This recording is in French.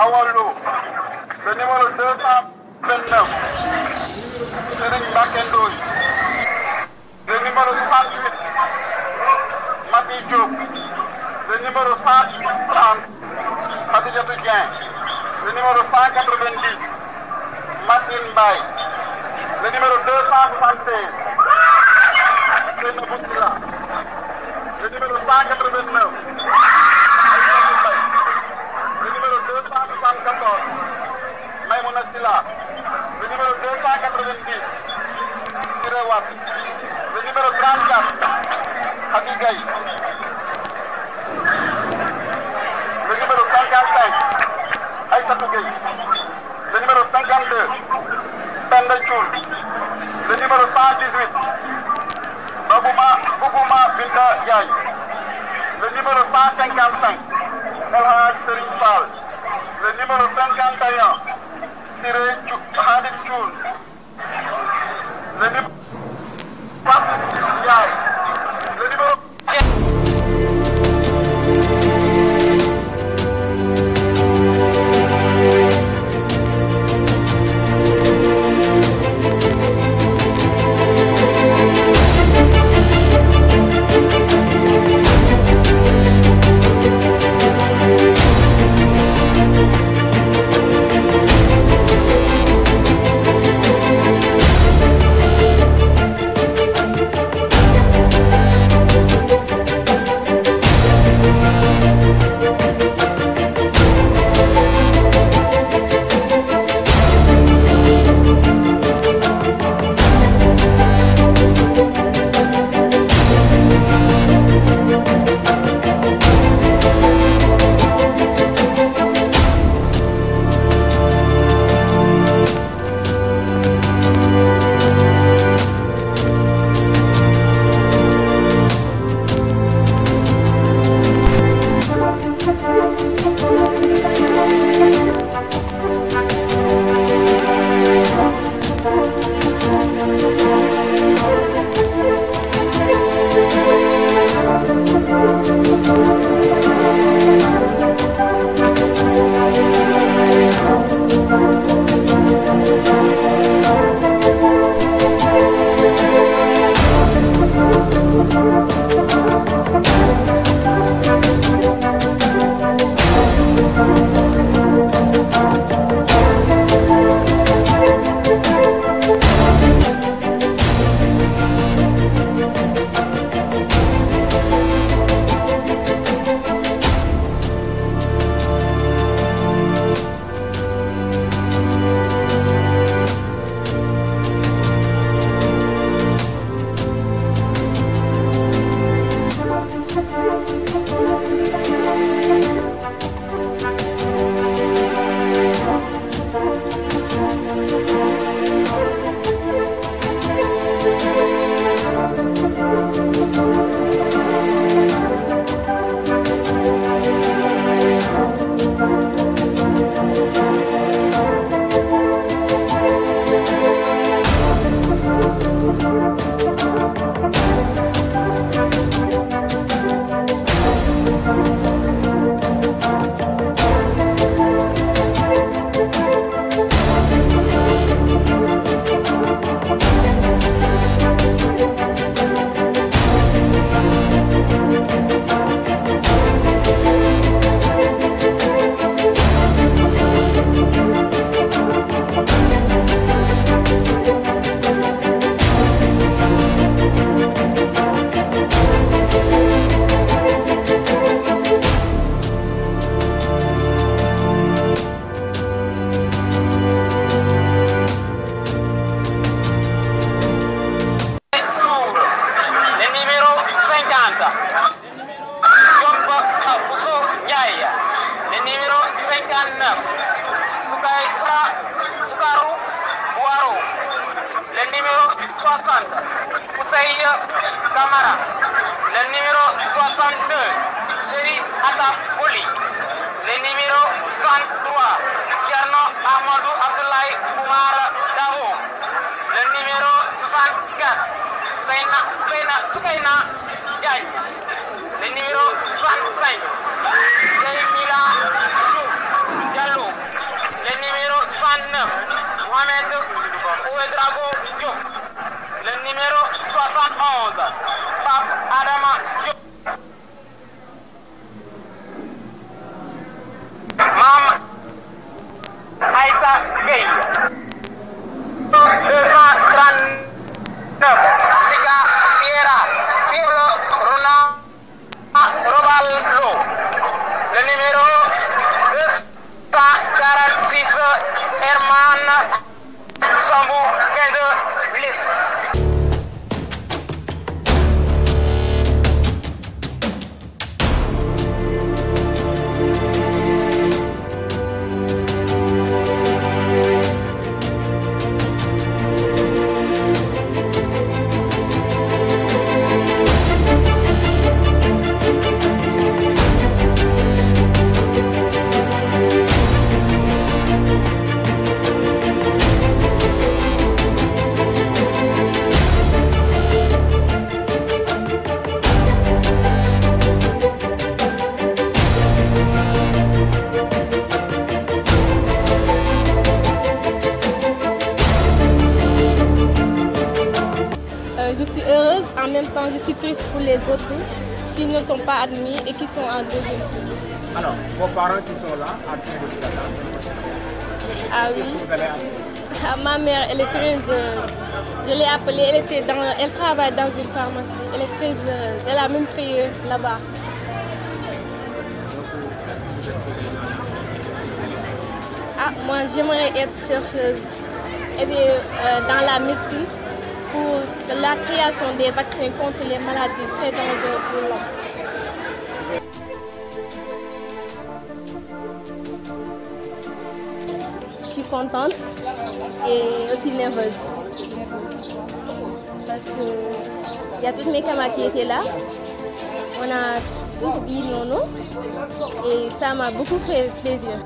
Awa Lo le numéro deux cent vingt neuf Serigne Mbacke Ndoye le numéro soixante huit Mati Diop le numéro cent trente Khadijatou Dieng le numéro cent quatre vingt dix Martine Mbaye le numéro deux cent soixante seize Seynabou Sylla le numéro cent quatre vingt neuf Sylla le numéro 290 Siré Wat le numéro 34 Khady Gaye le numéro 55 Aïssatou Gueye le numéro 52 Penda Thioul le numéro 118 Babouma Bougouma Binta Ndiaye le numéro 155 El Hadj Serigne Fall le numéro 51 siree cu xaadim cuun numéro 60, Poussaï Camara. Le numéro 62, Chéri Atab Boli. Le numéro 63, Tierno Amadou Abdoulaye Koumar Davo. Le numéro 64, Seina, Seina, Soukaina Diagne. Le numéro 65. qui triste pour les autres qui ne sont pas admis et qui sont en deuxième Alors, vos parents qui sont là, à qui vous Ah oui. Ah, ma mère, elle est très euh, Je l'ai appelée, elle, était dans, elle travaille dans une pharmacie. Elle est très euh, Elle a même prié euh, là-bas. Ah, moi, j'aimerais être chercheuse, et dans la médecine pour la création des vaccins contre les maladies très dangereuses pour l'homme. Je suis contente et aussi nerveuse. Parce qu'il y a toutes mes camarades qui étaient là. On a tous dit non, non. Et ça m'a beaucoup fait plaisir.